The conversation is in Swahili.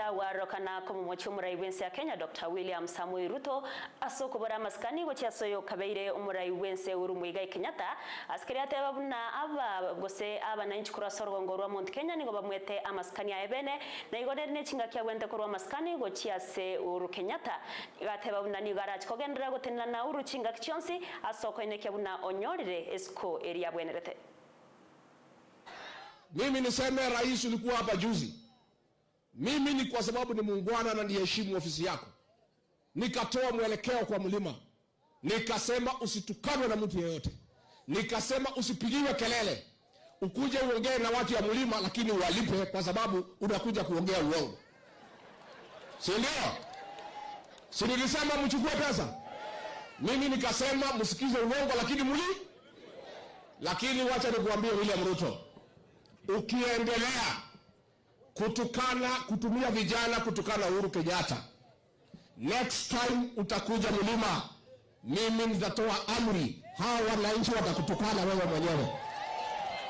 mumusha wa rokana ko mumuchi umurai wense ya Kenya Dr William samui Ruto asokobora maskani gochi asoyo kabeire umurai wense urumwiga Kenyatta askari ateba buna aba gose aba nanchi kura sorgongo rwa Mount Kenya nigo bamwete amaskani aebene na igode ne chinga kya wende kurwa maskani gochi ase uru Kenyatta gateba buna ni garach kogendera gotenna na uru chinga kichonsi asoko ine kya buna onyorire esko eria bwenerete mimi niseme rais ulikuwa hapa juzi mimi ni kwa sababu ni muungwana na niheshimu ofisi yako, nikatoa mwelekeo kwa mlima, nikasema usitukanwe na mtu yeyote, nikasema usipigiwe kelele, ukuje uongee na watu ya mlima, lakini walipe kwa sababu unakuja kuongea uongo, si ndio? Si nilisema mchukue pesa? Mimi nikasema msikize uongo, lakini mli. Lakini wacha nikuambie, William Ruto, ukiendelea kutukana, kutumia vijana kutukana Uhuru Kenyatta. Next time utakuja mlima, mimi nitatoa amri, hawa wananchi watakutukana wewe mwenyewe.